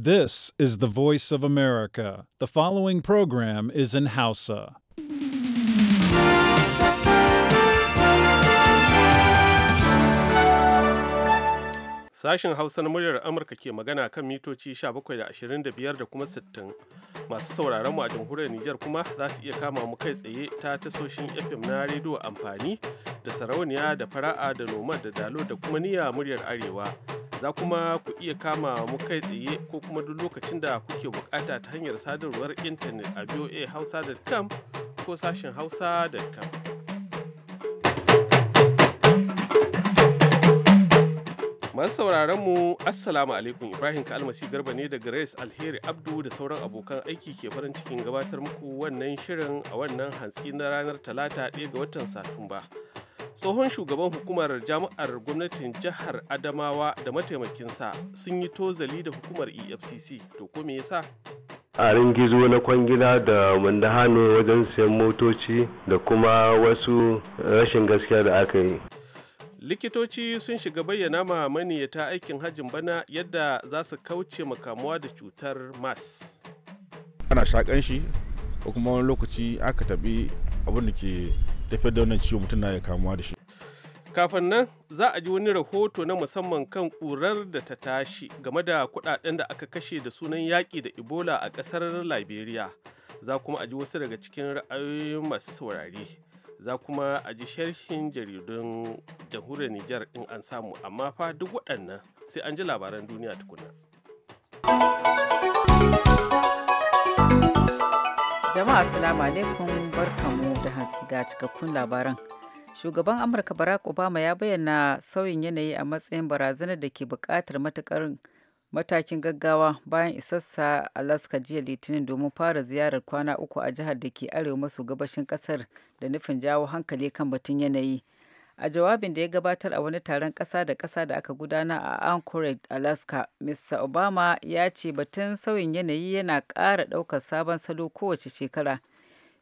This is the voice of America. The following program is in Hausa. Sashen Hausa na muryar Amurka ke magana kan mitoci 17.25 da kuma 60. Masu sauraron mu a jamhuriyar Nijar kuma za su iya kama mu kai tsaye ta tasoshin FM na rediyo amfani da sarauniya da fara'a da noma da dalo da kuma niyya muryar Arewa. za kuma ku iya kama mu kai tsaye ko kuma duk lokacin da kuke bukata ta hanyar sadarwar intanet a voahausa.com ko sashen hausa.com. Masu sauraron mu Assalamu alaikum Ibrahim Kalmasi Garba ne da Grace Alheri Abdu da sauran abokan aiki ke farin cikin gabatar muku wannan shirin a wannan hantsi na ranar Talata 1 ga watan Satumba. tsohon shugaban hukumar jami'ar gwamnatin jihar adamawa da mataimakinsa sun yi tozali da hukumar efcc to ko me yasa a gizo na kwangila da hannu wajen sayan motoci da kuma wasu rashin gaskiya da aka yi likitoci sun shiga bayyana ma maniyata aikin hajjin bana yadda za su kauce makamuwa da cutar mas ana shakan shi ko kuma wani lokaci aka tabi abin da ke tafiyar da wannan ciwo mutum na ya kamuwa da shi kafin nan za a ji wani rahoto na musamman kan ƙurar da ta tashi game da kuɗaɗen da aka kashe da sunan yaƙi da ebola a ƙasar liberia za kuma a ji wasu daga cikin ra'ayoyin masu saurare za kuma a ji sharhin jaridun jamhuriyar nijar in an samu amma fa duk waɗannan sai an ji labaran duniya tukuna. Jama'a Assalamu alaikum barkamu da hantsi ga cikakkun labaran. Shugaban Amurka Barack Obama ya bayyana sauyin yanayi a matsayin barazanar da ke buƙatar matukar matakin gaggawa bayan isassa Alaska jiya Litinin domin fara ziyarar kwana uku a jihar da ke arewa maso gabashin kasar da nufin jawo hankali kan batun yanayi. a jawabin da ya gabatar a wani taron ƙasa da ƙasa da aka gudana a anchorage alaska mr obama ya ce batun sauyin yanayi yana ƙara ɗaukar sabon salo kowace shekara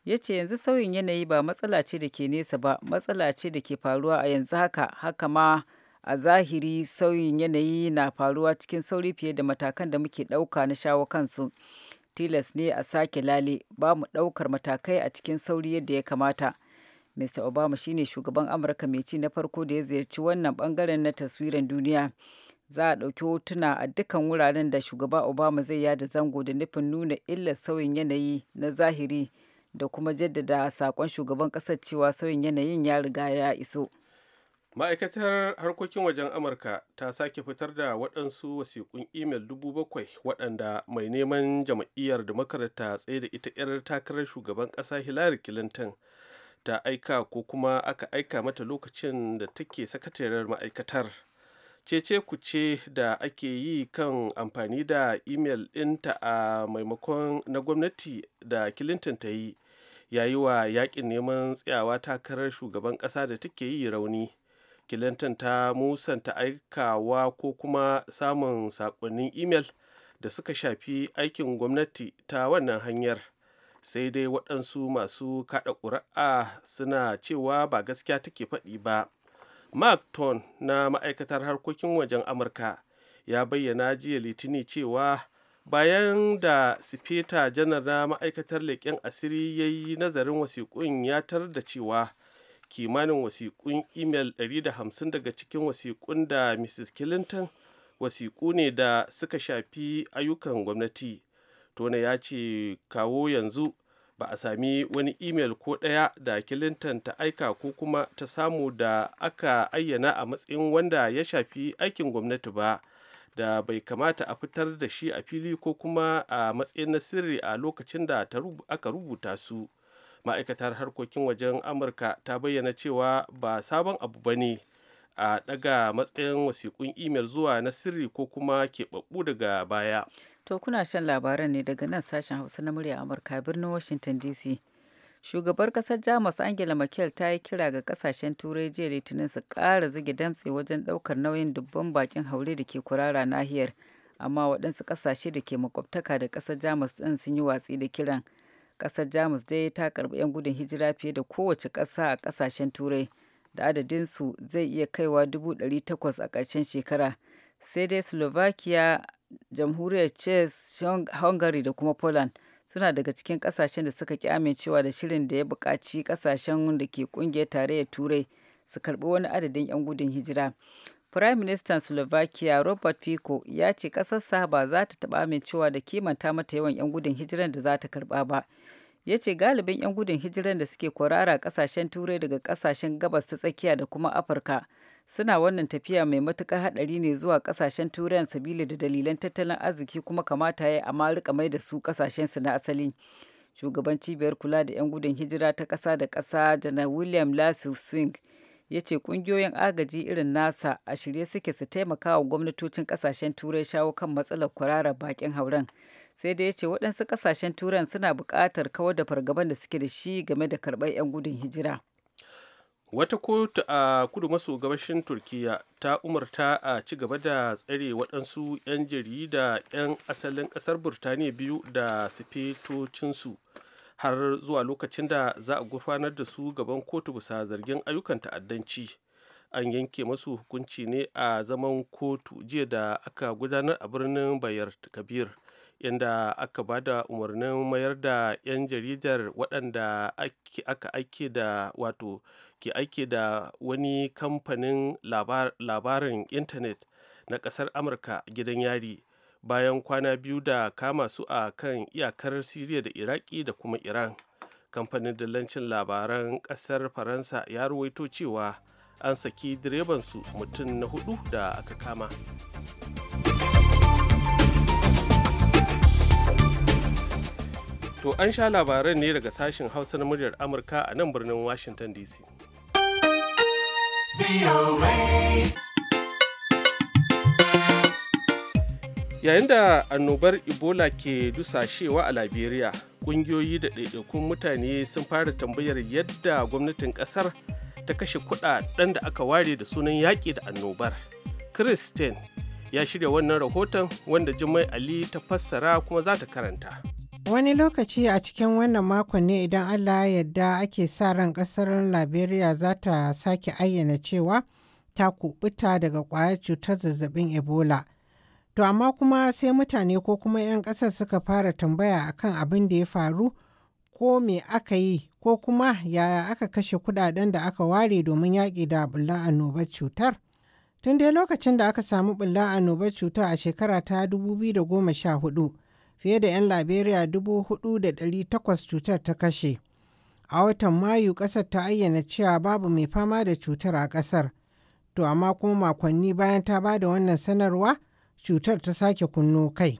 ya ce yanzu sauyin yanayi ba matsala ce da ke nesa ba matsala ce da ke faruwa a yanzu haka haka ma a zahiri sauyin yanayi na faruwa cikin sauri fiye da matakan da muke ɗauka na shawo kansu tilas ne a sake lale ba mu ɗaukar matakai a cikin sauri yadda ya kamata Mr. Obama shine shugaban Amurka mai ci na farko da ya ziyarci wannan bangaren na taswiran duniya. Za a ɗauki hotuna a dukkan wuraren da shugaba Obama zai yada zango da nufin nuna illar sauyin yanayi na zahiri da kuma jaddada sakon shugaban ƙasar cewa sauyin yanayin ya riga ya iso. ma'aikatar harkokin wajen amurka ta sake fitar da waɗansu wasiƙun imel dubu bakwai waɗanda mai neman jam'iyyar da makarata tsaye da ita 'yar takarar shugaban ƙasa hillary clinton ta aika ko kuma aka aika mata lokacin da take sakatariyar ma'aikatar cece ku ce da ake yi kan amfani da imel ɗinta a maimakon na gwamnati da clinton ta yi yayi wa yakin neman tsayawa takarar shugaban ƙasa da take yi rauni clinton ta musanta aikawa ko kuma samun saƙonnin imel da suka shafi aikin gwamnati ta wannan hanyar sai dai waɗansu masu kaɗa ƙuri'a suna cewa ba gaskiya take faɗi ba mark ton na ma'aikatar harkokin wajen amurka ya bayyana jiya litini cewa bayan da sifeta janar na ma'aikatar leƙen asiri ya yi nazarin wasiƙun ya tar da cewa kimanin wasiƙun imel 150 daga cikin wasiƙun da mrs clinton wasiƙu ne da suka shafi ayyukan gwamnati tona ya ce kawo yanzu ba a sami wani imel ko ɗaya da clinton ta aika ko kuma ta samu da aka ayyana a matsayin wanda ya shafi aikin gwamnati ba da bai kamata a fitar da shi a fili ko kuma a matsayin na sirri a lokacin da aka rubuta su ma'aikatar harkokin wajen amurka ta bayyana cewa ba sabon abu ba ne a ɗaga matsayin wasiƙun imel zuwa na sirri ko kuma keɓaɓɓu daga baya To kuna shan labaran ne daga nan sashen Hausa na murya Amurka birnin Washington DC. Shugabar kasar Jamus Angela Merkel ta yi kira ga ƙasashen Turai jiya Litinin su ƙara zage damtse wajen ɗaukar nauyin dubban bakin haure da ke kurara nahiyar. Amma waɗansu ƙasashe da ke makwabtaka da ƙasar Jamus ɗin sun yi watsi da kiran. Ƙasar Jamus dai ta karɓi 'yan gudun hijira fiye da kowace ƙasa a ƙasashen Turai. Da adadinsu zai iya kaiwa dubu ɗari takwas a ƙarshen shekara. sai dai slovakia jamhuriyar czech hungary da kuma poland suna daga cikin kasashen da suka ki amincewa da shirin da ya buƙaci kasashen da ke kungiyar tarayyar turai su karbi wani adadin 'yan gudun hijira Firayim Ministan Slovakia Robert Fico ya ce ƙasarsa ba za ta taɓa amincewa da kimanta mata yawan 'yan gudun hijiran da za ta karɓa ba. Ya ce galibin 'yan gudun hijiran da suke kwarara ƙasashen Turai daga ƙasashen gabas ta tsakiya da kuma Afirka suna wannan tafiya mai matuƙar haɗari ne zuwa ƙasashen turai sabili da dalilan tattalin arziki kuma kamata ya amma rika mai da su ƙasashen su na asali shugaban cibiyar kula da 'yan gudun hijira ta ƙasa da ƙasa da na william lasu swing ya ce ƙungiyoyin agaji irin nasa a shirye suke su taimaka wa gwamnatocin ƙasashen turai shawo kan matsalar kwarara bakin hauren sai dai ya ce waɗansu ƙasashen turai suna buƙatar kawar da fargaban da suke da shi game da karɓar 'yan gudun hijira. wata kotu a kudu maso gabashin turkiya ta umarta a ci gaba da tsare waɗansu 'yan jarida 'yan asalin ƙasar burtaniya biyu da sifetocinsu har zuwa lokacin da za a gurfanar da su gaban kotu bisa zargin ayyukan ta'addanci an yanke masu hukunci ne a zaman kotu jiya da aka gudanar a birnin bayar kabir inda aka ba da umarnin mayar da 'yan jaridar waɗanda aka aike da wato ke aike da wani kamfanin labarin intanet na ƙasar amurka gidan yari bayan kwana biyu da kama su a kan iyakar siriya da iraki da kuma iran kamfanin dillancin labaran ƙasar faransa ya ruwaito cewa an saki direbansu mutum na hudu da aka kama To an sha labaran ne daga sashen Hausa na muryar Amurka a nan birnin Washington DC. Yayin da annobar Ebola ke dusashewa a Liberia, ƙungiyoyi da ɗaiɗaikun mutane sun fara tambayar yadda gwamnatin ƙasar ta kashe kuɗaɗen da aka ware da sunan yaƙi da annobar. Christine ya shirya wannan rahoton wanda Jummai Ali ta fassara kuma za ta karanta. Wani lokaci a cikin wannan makon ne idan Allah ya yarda ake sa ran kasar Liberia za ta sake ayyana cewa ta kubuta daga kwayar cutar zazzabin Ebola. To amma kuma sai mutane ko kuma 'yan ƙasar suka fara tambaya akan abin da ya faru ko me aka yi ko kuma yaya aka kashe kudaden da aka ware domin yaƙi da bulla annobar cutar. Tun dai lokacin da aka samu bulla annobar cutar a shekara ta 2014 fiye da 'yan Liberia 4,800 cutar ta kashe. A watan Mayu ƙasar ta ayyana cewa babu mai fama da cutar a ƙasar. To amma kuma makonni bayan ta ba da wannan sanarwa cutar ta sake kunno kai.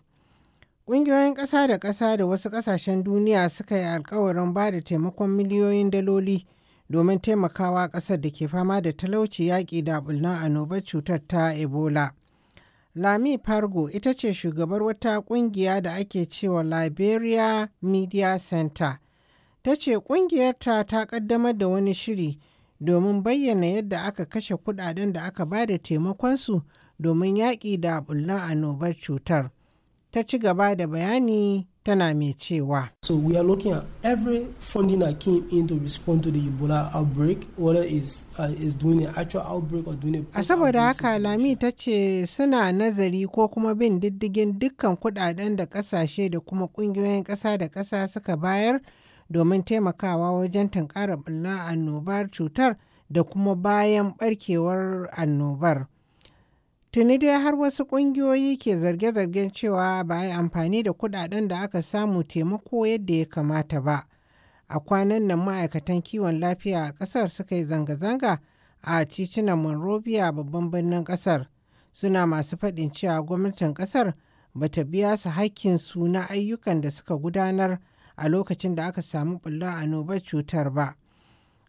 Ƙungiyoyin ƙasa da ƙasa da wasu ƙasashen duniya suka yi alkawarin ba da taimakon miliyoyin daloli domin taimakawa ƙasar da ke fama da talauci yaƙi da ɓullan annobar cutar ta Ebola. Lami Fargo ita ce shugabar wata ƙungiya da ake cewa Liberia Media Center. Ta ce ƙungiyarta ta ƙaddamar da wani shiri domin bayyana yadda aka kashe kuɗaɗen da aka ba da taimakonsu domin yaƙi da bullan annobar cutar. Ta ci gaba da bayani tana mai cewa. So we are looking at every funding that came in to respond to the Ebola outbreak, whether is uh, is doing an actual outbreak or doing a. A saboda haka Lami ta ce suna nazari ko kuma bin diddigin dukkan kudaden da kasashe da kuma kungiyoyin kasa da kasa suka bayar domin taimakawa wajen tankara bulla annobar cutar da kuma bayan barkewar annobar. Tuni dai har wasu ƙungiyoyi ke zarge-zargen cewa ba a amfani da kuɗaɗen da aka samu taimako yadda ya kamata ba. A kwanan nan ma'aikatan kiwon lafiya a ƙasar suka yi zanga-zanga a titunan Monrovia babban birnin ƙasar. Suna masu faɗin cewa gwamnatin ƙasar ba ta biya su su na ayyukan da suka gudanar a lokacin da aka samu ɓullar annobar cutar ba.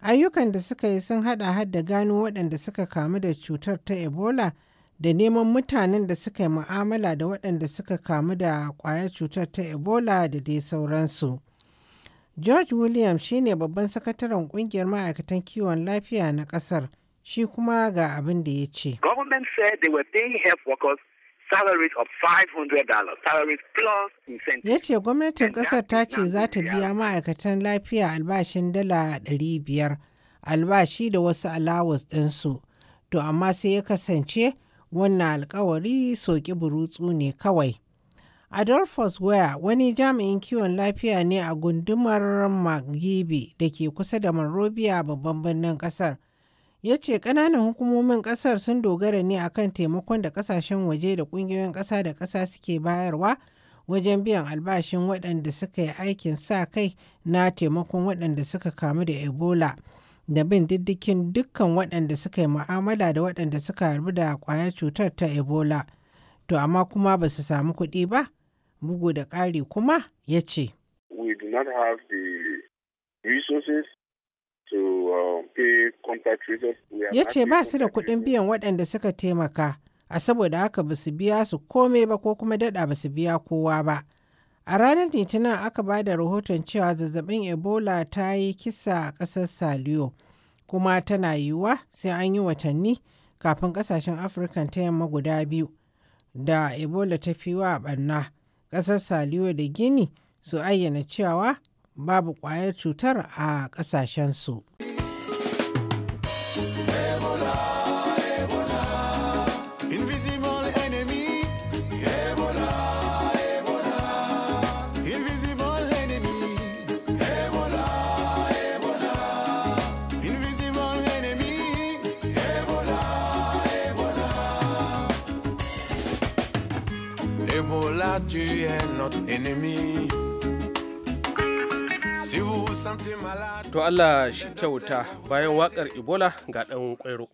Ayyukan da suka yi sun haɗa har da gano waɗanda suka kamu da cutar ta Ebola da neman mutanen da suka yi mu'amala da waɗanda suka kamu da ƙwayar cutar ta ebola da dai sauransu george williams shine babban sakataren ƙungiyar ma'aikatan kiwon lafiya na ƙasar shi kuma ga abin da ya ce ya ce gwamnatin ƙasar ta ce za ta biya ma'aikatan lafiya albashin dala biyar, albashi da wasu alawas ɗinsu to amma sai ya kasance wannan alkawari soki burutsu ne kawai. Adolphus Ware wani jami'in kiwon lafiya ne a gundumar Magibi da ke kusa da Monrovia babban birnin kasar. Ya ce ƙananan hukumomin kasar sun dogara ne akan taimakon da kasashen waje da ƙungiyoyin ƙasa da ƙasa suke bayarwa wajen biyan albashin waɗanda suka yi aikin sa kai na taimakon waɗanda suka kamu da Ebola. da bin diddikin dukkan waɗanda suka yi mu'amala da waɗanda suka harbi da ƙwayar cutar ta ebola to amma kuma ba su samu kuɗi ba bugu da ƙari kuma ya ce um, ya ce ba su da kuɗin biyan waɗanda suka taimaka a saboda haka ba su biya su komai ba ko kuma daɗa ba su biya kowa ba A ranar Litinin aka ba da rahoton cewa zazzabin Ebola ta yi kisa a ƙasar Saliyo, kuma tana yiwuwa sai an yi watanni kafin ƙasashen Afirka ta yamma guda biyu da Ebola ta fi wa ɓanna ƙasar Saliyo da Gini su ayyana cewa babu kwayar cutar a ƙasashensu. su. tu es To Allah shi kyauta bayan waƙar Ebola ga ɗan ƙwairo.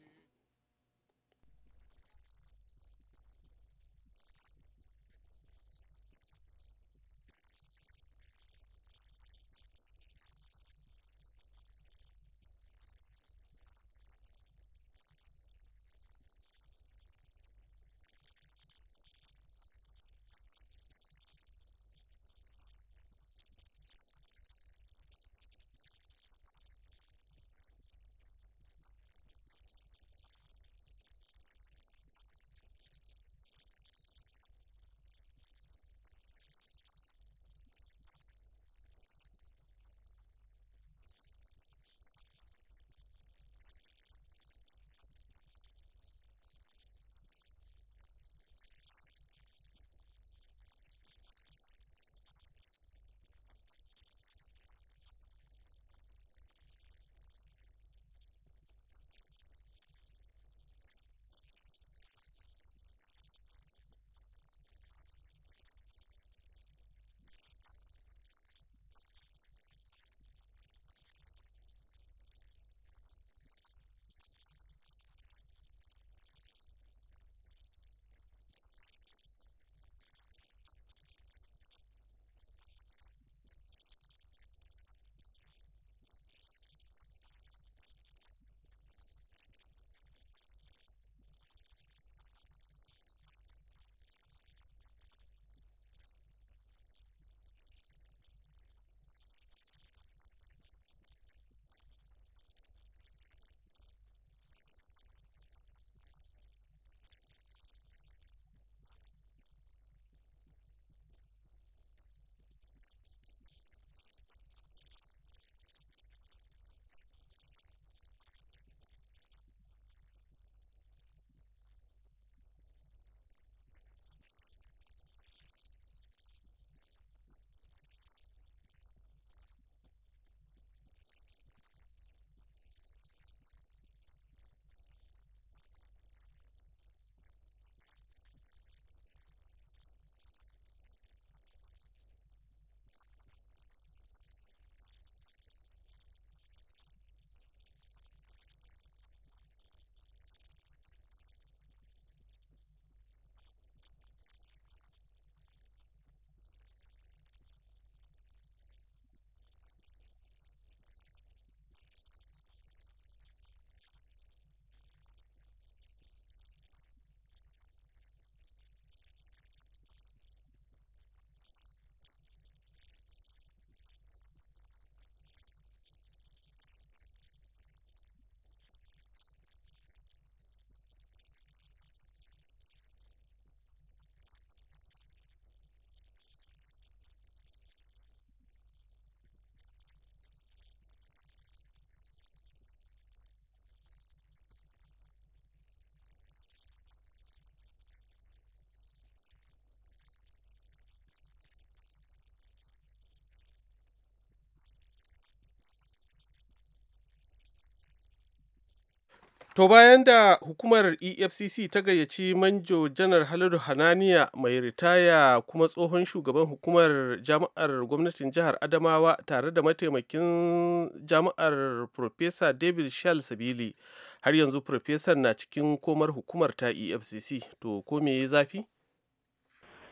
To bayan da hukumar EFCC ta gayyaci manjo janar Haladu Hananiya mai ritaya kuma tsohon shugaban hukumar jami'ar gwamnatin jihar Adamawa tare da mataimakin jami'ar Profesa David Shal Sabili har yanzu Profesan na cikin komar hukumar ta EFCC to ko me ya zafi?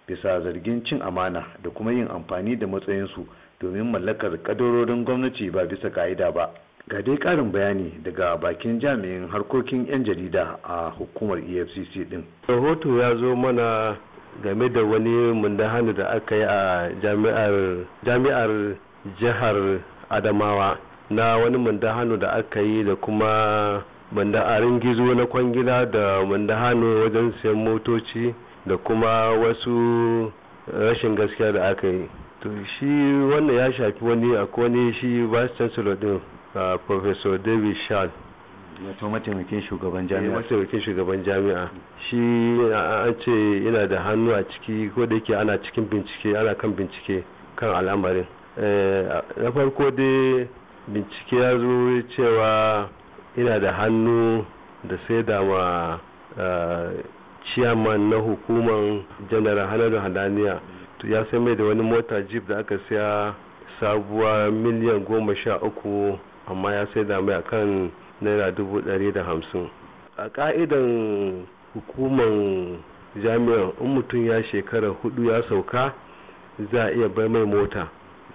Bisa zargin cin amana da kuma yin amfani da matsayinsu domin mallakar kadarorin gwamnati ba bisa ka'ida ba. ga dai karin bayani daga bakin jami'in harkokin 'yan jarida a hukumar efcc din rahoto ya zo mana game da wani mundahani da aka yi a jami'ar jihar adamawa na wani mundahani da aka yi da kuma manda'arin gizo na kwangila da mundahanu wajen siyan motoci da kuma wasu rashin gaskiya da aka yi to shi wannan ya shafi wani akwai wani shi vice chancellor din professor david shan wato mataimakin shugaban jami'a eh, mataimakin shugaban jami'a shi an ce yana da hannu a ciki ko da yake ana cikin bincike ana kan bincike kan al'amarin eh, na farko dai bincike ya zo cewa yana da hannu da sai da ma ciyaman na hukuman janar halar halaniya ya sai mai da wani mota jeep da aka siya sabuwa miliyan goma sha uku amma ya sai da mai akan naira dubu ɗari da hamsin a ka'idan hukuman jami'an in mutum ya shekara hudu ya sauka za a iya bai mai mota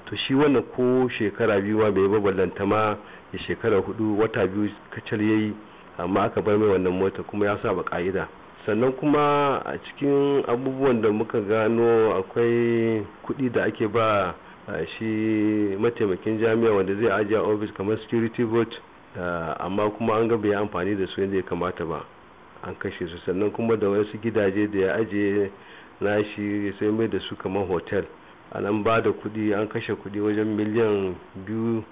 to shi wannan ko shekara biyu ma bai ballanta ma ya shekara hudu wata biyu kacal ya yi amma aka bai mai wannan mota kuma ya saba ka'ida sannan kuma a cikin abubuwan da muka gano akwai kuɗi da ake ba shi mataimakin jami'a wanda zai ajiye ofis kamar security vote amma kuma an ga bai amfani da su yadda ya kamata ba an kashe su sannan kuma da wasu gidaje da ya ajiye na shi sai mai da su kamar hotel a nan ba da kudi an kashe kudi wajen miliyan biyu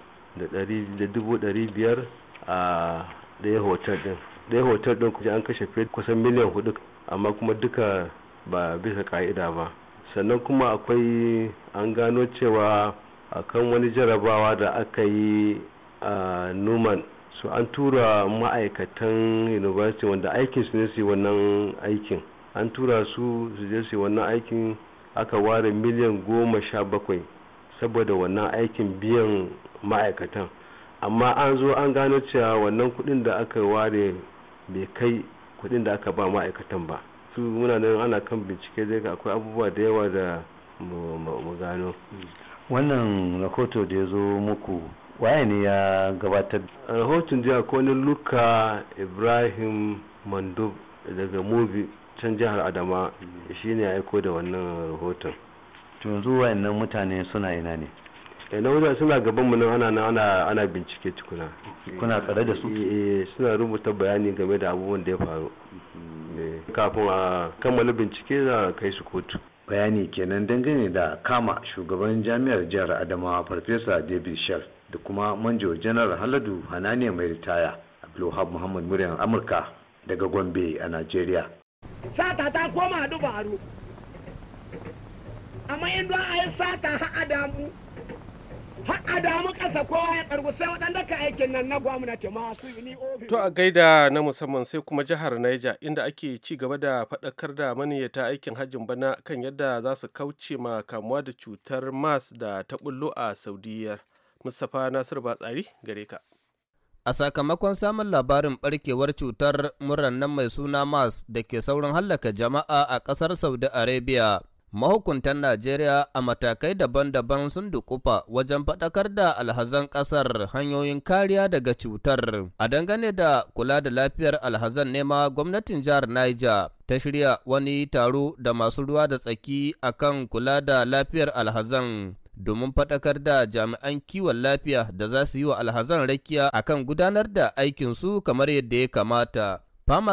da dubu dari biyar a daya hotel din daya hotel din kuma an kashe kusan miliyan hudu amma kuma duka ba bisa ka'ida ba sannan kuma akwai an gano cewa a kan wani jarabawa da aka yi a numan su an tura ma'aikatan university wanda aikin su ne su wannan aikin an tura su su je su wannan aikin aka ware miliyan goma sha bakwai saboda wannan aikin biyan ma'aikatan amma an zo an gano cewa wannan kudin da aka ware bai kai kudin da aka ba ma'aikatan ba su muna nan ana kan bincike zai ga akwai abubuwa da yawa da mu gano wannan rahoto da ya zo muku waye ne ya gabatar rahoton jiya ko ni luka ibrahim mandub daga mobi can jihar adama mm. shine ya aiko da wannan rahoton to yanzu wayannan mutane suna ina ne eh na wajen suna gaban mu nan ana ana ana bincike tukuna kuna tsare da su eh, eh suna rubuta bayani game da abubuwan da ya faru eh, kafin a kammala bincike za a kai su kotu bayani kenan dangane da kama shugaban jami'ar jihar adamawa farfesa david shar da kuma manjo janar haladu hanane mai ritaya abdulhab muhammad muryar amurka daga gombe a nigeria sata ta koma dubaru amma in a yi sata ha'a damu har damu ƙasa kowa ya tsargu sai waɗanda ka aikin nan na gwamnati masu To a gaida na musamman sai kuma jihar Niger inda ake ci gaba da faɗakar da maniyyata aikin hajjin bana kan yadda za su kauce ma kamuwa da cutar mas da ta bullo a Saudiya. Mustapha Nasir Batsari gare ka. A sakamakon samun labarin barkewar cutar murannan mai suna mas da ke saurin hallaka jama'a a ƙasar Saudi Arabia. mahukuntan Najeriya a matakai daban-daban sun dukufa wajen faɗakar da alhazan ƙasar hanyoyin kariya daga cutar. A dangane da kula da lafiyar alhazan nema gwamnatin jihar Niger ta shirya wani taro da masu ruwa da tsaki akan kula da lafiyar alhazan. domin faɗakar da jami'an kiwon lafiya da za su yi wa alhazan rakiya akan gudanar da aikinsu kamar yadda ya kamata.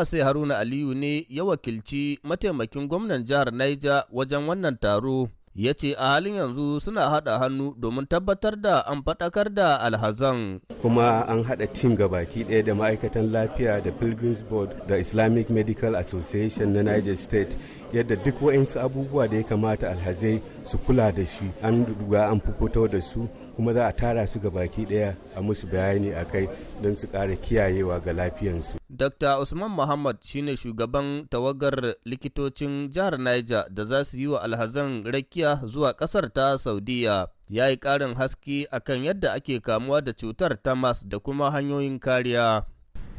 sai Haruna Aliyu ne ya wakilci mataimakin gwamnan jihar Niger wajen wannan taro. ya ce a halin yanzu suna haɗa hannu domin tabbatar da an faɗakar da alhazan. kuma an haɗa tim ga baki ɗaya da ma'aikatan lafiya da pilgrims board da islamic medical association na niger state yadda duk wa'insu abubuwa da ya kamata alhazai su kula da shi an duba an fito da su kuma za a tara su ga baki ɗaya a musu bayani a kai don su kara kiyayewa ga lafiyansu. Dr. Usman Muhammad shine shugaban tawagar likitocin jihar Niger da za su yi wa alhazan rakiya zuwa ƙasar ta Saudiya. Ya yi ƙarin haske akan yadda ake kamuwa da cutar ta mas da kuma hanyoyin kariya.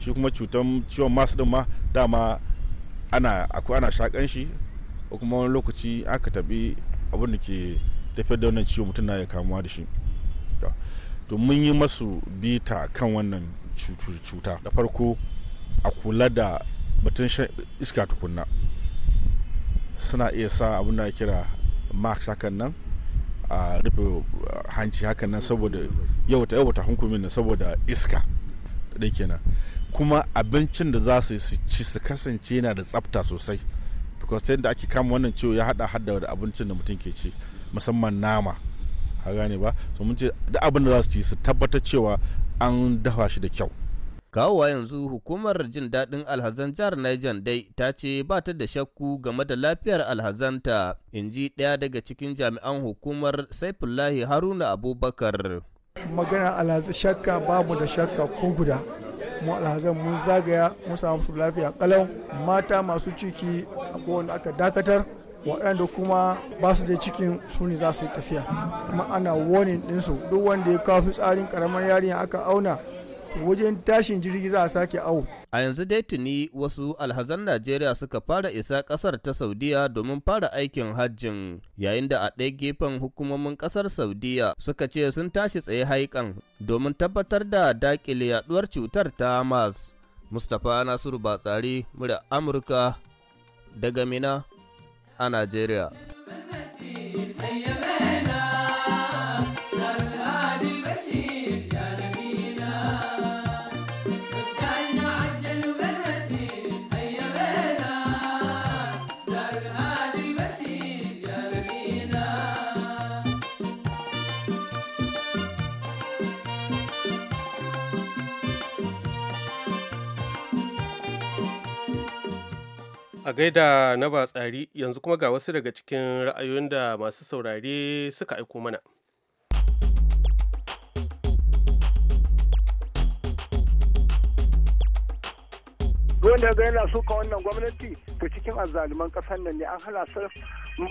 Shi kuma cutar ciwon mas ɗin ma dama ana akwai ana shakan shi kuma wani lokaci aka tabi abin da ke tafiyar da wannan ciwon mutum na ya kamuwa da shi. afirka to mun yi masu bita kan wannan cuta da farko a kula da batun shan iska tukunna suna iya sa abin da kira max hakan nan a rufe hanci hakan nan saboda yawata yawata hunkumin na saboda iska da kenan kuma abincin da za su ci su kasance yana da tsafta sosai because yadda ake kama wannan ciwo ya hada hada da abincin da mutum ke ci musamman nama ka gane ba mun ce da abin da za su ci su tabbatar cewa an dafa shi da kyau kawowa yanzu hukumar jin daɗin alhazan jihar Niger dai ta ce ba ta da shakku game da lafiyar alhazanta in ji ɗaya daga cikin jami'an hukumar saifullahi haruna abubakar magana alhazan shakka babu da shakka ko guda mu alhazan mun zagaya mun samu lafiya kalau mata masu ciki a kowanne aka dakatar waɗanda kuma ba su da cikin suni ne za su yi tafiya kuma ana warning ɗinsu duk wanda ya kawo tsarin karamar yarinya aka auna wajen tashin jirgi za a sake awo. A yanzu dai tuni wasu alhazan Najeriya suka fara isa kasar ta Saudiya domin fara aikin hajjin yayin da a ɗaya gefen hukumomin ƙasar Saudiya suka ce sun tashi tsaye haikan domin tabbatar da dakile yaduwar cutar ta mas Mustapha Nasiru Batsari, murya Amurka daga Mina a Najeriya. A gaida na ba tsari yanzu kuma ga wasu daga cikin ra'ayoyin da masu saurare suka aiko mana. wanda ga yana suka wannan gwamnati to cikin azzaluman ƙasar nan ne an hana su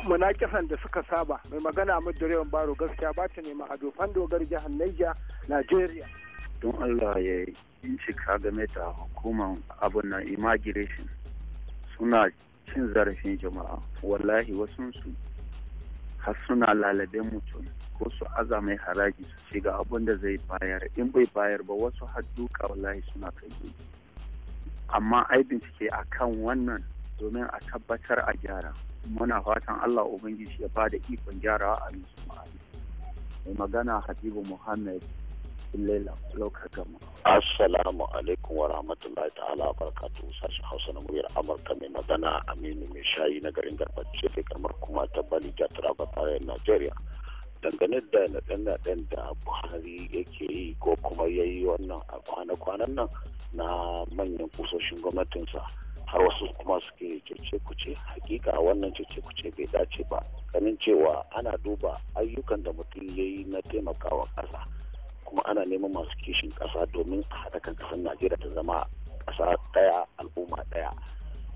munakisan da suka saba mai magana mu direban baro gaskiya ba ta nema ado dogar jihar Niger Nigeria don Allah ya yi shiga game ta hukumar abun na immigration suna cin zarafin jama'a wallahi wasunsu har suna lalaben mutum ko su azamai haraji su ce abin da zai bayar in bai bayar ba wasu har duka wallahi suna kai amma ai bincike a kan wannan domin a tabbatar a gyara muna fatan allah ubangiji ya ba da ikon gyarawa a musulmani mai magana habibu muhammad lela lokar gama. Assalamu alaikum wa rahmatullahi ta'ala barakatu sashen Hausa na muryar Amurka mai magana Aminu mai shayi na garin Garba Cefe kamar kuma ta Bali Jatara Najeriya. Dangane da naɗe-naɗen da Buhari yake yi ko kuma ya yi wannan a kwana-kwanan nan na manyan kusoshin gwamnatinsa. har wasu kuma suke cece kuce hakika wannan cece kuce bai dace ba ganin cewa ana duba ayyukan da mutum ya yi na taimakawa ƙasa kuma ana neman masu kishin ƙasa domin a haɗa kan kasar najeriya ta zama ƙasa ɗaya al'umma ɗaya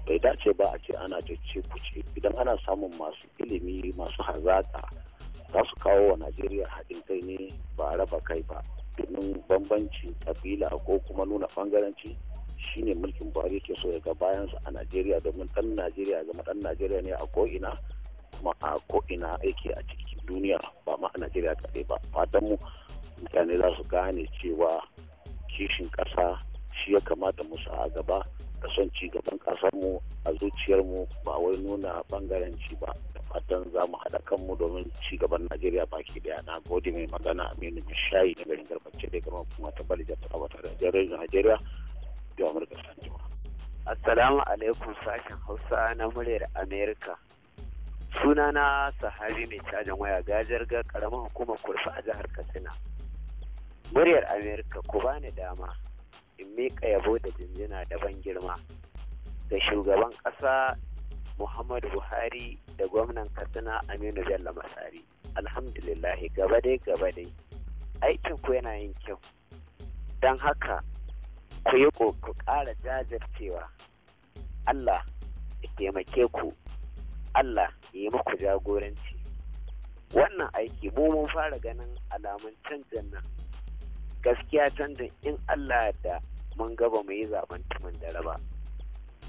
bai dace ba a ce ana jace kuce idan ana samun masu ilimi masu hazaƙa za su kawo wa najeriya haɗin kai ne ba raba kai ba domin bambanci ƙabila ko kuma nuna ɓangaranci shine mulkin buhari ke so ya ga bayansa a najeriya domin ɗan najeriya zama ɗan najeriya ne a ko'ina kuma a ko'ina aiki a cikin duniya ba ma a najeriya kaɗai ba fatan mu mutane za su gane cewa kishin ƙasa shi ya kamata mu sa a gaba da son ci gaban ƙasarmu a zuciyarmu ba wai nuna ci ba da fatan za mu haɗa kanmu domin ci gaban najeriya baki daya na gode mai magana aminu shayi na garin garbace da gama kuma ta bari da tarabata da jirgin najeriya da amurka sanjiwa assalamu alaikum sashen hausa na muryar amerika sunana sahabi mai cajin waya gajar ga karamar hukumar kurfa a jihar katsina muryar amerika ku bani dama in miƙa yabo da jinjina ban girma ga shugaban ƙasa muhammadu buhari da gwamnan katsina aminu bello masari alhamdulillah gaba dai gaba dai aikin ku yana yin kyau don haka ku yi ku ƙara jajircewa allah ya taimake ku allah ya yi muku jagoranci wannan aiki mu mun fara ganin alamun canjin nan gaskiya can da in Allah da mun gaba mu yi zaben tumin da raba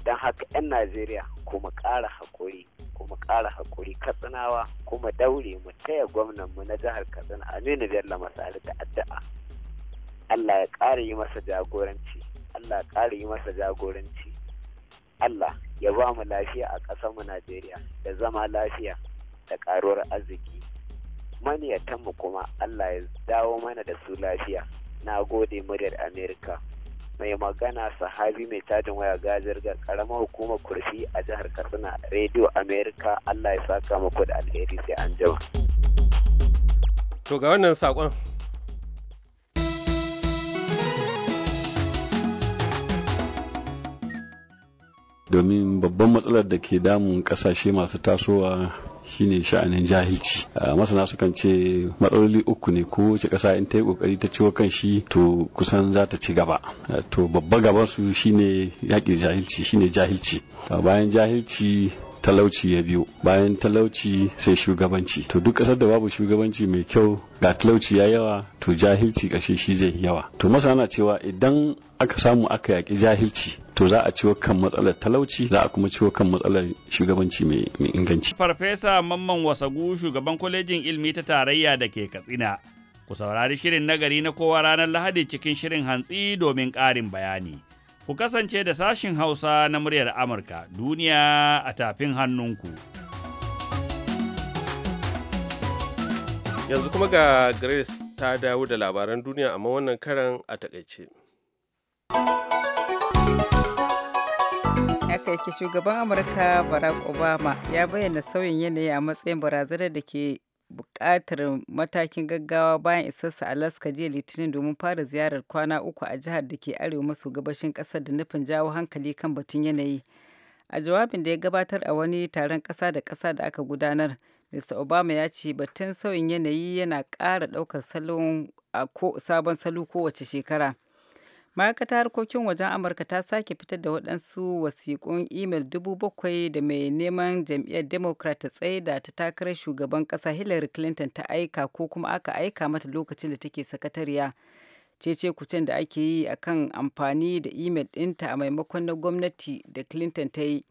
don haka 'yan Najeriya kuma ƙara haƙuri kuma ƙara haƙuri katsinawa kuma daure mu taya gwamnan mu na jihar katsina aminu bello masari da addu'a allah ya ƙara yi masa jagoranci allah ya ƙara yi masa jagoranci allah ya ba mu lafiya a ƙasar mu najeriya da zama lafiya da ƙaruwar arziki mu kuma allah ya dawo mana da su lafiya na gode muryar amerika mai magana sahabi mai tajin waya ga ga karamar hukumar kurfi a jihar katsina rediyo amerika allah ya saka muku da alheri sai an jima ga wannan sakon domin babban matsalar da ke damun kasashe masu tasowa shine sha'anin jahilci masana sukan ce matsaloli uku ne ko wace ƙasa in ta yi ƙoƙari ta ciwo kan shi to kusan za ta ci gaba to babba gaban su shine yaƙi jahilci shine jahilci bayan jahilci talauci ya biyo bayan talauci sai shugabanci to duk kasar da babu shugabanci mai kyau ga talauci ya yawa to jahilci kashe shi zai yawa to masana cewa idan aka samu aka yaƙi jahilci to za a ciwo kan matsalar talauci za a kuma ciwo kan matsalar shugabanci mai inganci. Farfesa Mamman Wasagu shugaban kwalejin ilmi ta tarayya da ke Katsina. Ku saurari shirin nagari na kowa ranar Lahadi cikin shirin hantsi domin ƙarin bayani. ku kasance da sashin Hausa na muryar Amurka duniya a tafin hannunku. Yanzu kuma ga Grace ta dawo da labaran duniya amma wannan karan a takaice. Aka shugaban Amurka Barack Obama ya bayyana sauyin yanayi a matsayin barazanar da ke buƙatar matakin gaggawa bayan isarsa Alaska jiya Litinin domin fara ziyarar kwana uku a jihar da ke arewa maso gabashin ƙasar da nufin jawo hankali kan batun yanayi. A jawabin da ya gabatar a wani taron ƙasa da ƙasa da aka gudanar, Mr. Obama ya ce batun sauyin yanayi yana ƙara ɗaukar sabon salo kowace shekara. ma'aikatar harkokin wajen amurka ta sake fitar da waɗansu wasiƙun imel dubu bakwai da mai neman jam'iyyar democrat ta tsaida ta takarar shugaban ƙasa hillary clinton ta aika ko kuma aka aika mata lokacin da take sakatariya cece kucin da ake yi a kan amfani da imel ɗinta a maimakon na gwamnati da clinton ta yi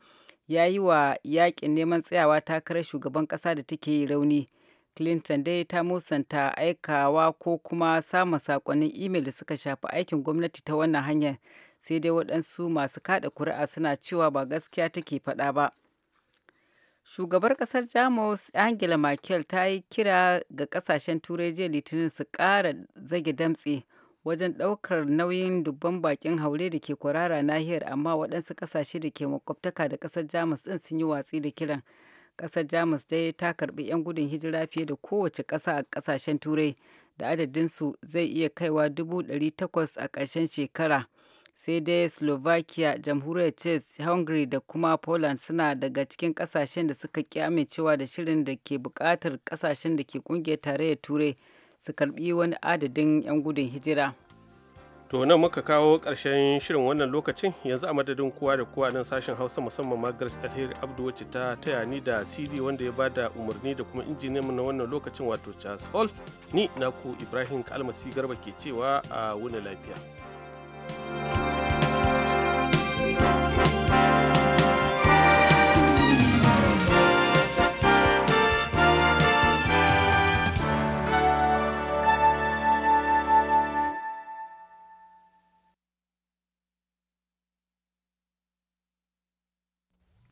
ya yi wa yaƙin neman tsayawa takarar shugaban ƙasa da take yi rauni Clinton dai ta musanta aikawa ko kuma samun sakonnin imel da suka shafi aikin gwamnati ta wannan hanyar sai dai waɗansu masu kaɗa kuri'a suna cewa ba gaskiya take faɗa ba. Shugabar ƙasar Jamus Angela Merkel ta yi kira ga ƙasashen Turai jiya Litinin su ƙara zage damtse wajen ɗaukar nauyin dubban bakin haure da ke kwarara nahiyar amma waɗansu ƙasashe da ke makwabtaka da ƙasar Jamus ɗin sun yi watsi da kiran. ƙasar jamus dai ta karbi 'yan gudun hijira fiye da kowace ƙasa a ƙasashen turai da adadinsu zai iya kaiwa dubu takwas a ƙarshen shekara sai dai slovakia jamhuriyar czech hungary da kuma poland suna daga cikin ƙasashen da suka ƙi amincewa da shirin da ke buƙatar ƙasashen da ke ƙungiyar tarayyar turai su karbi wani adadin 'yan gudun hijira. to nan muka kawo ƙarshen shirin wannan lokacin yanzu a madadin kowa da kowa nan sashen hausa musamman ma gars alheri abdu wacce ta taya ni da cd wanda ya bada umarni da kuma injiniyanmu na wannan lokacin wato charles hall ni naku ibrahim kalmasi garba ke cewa a wuni lafiya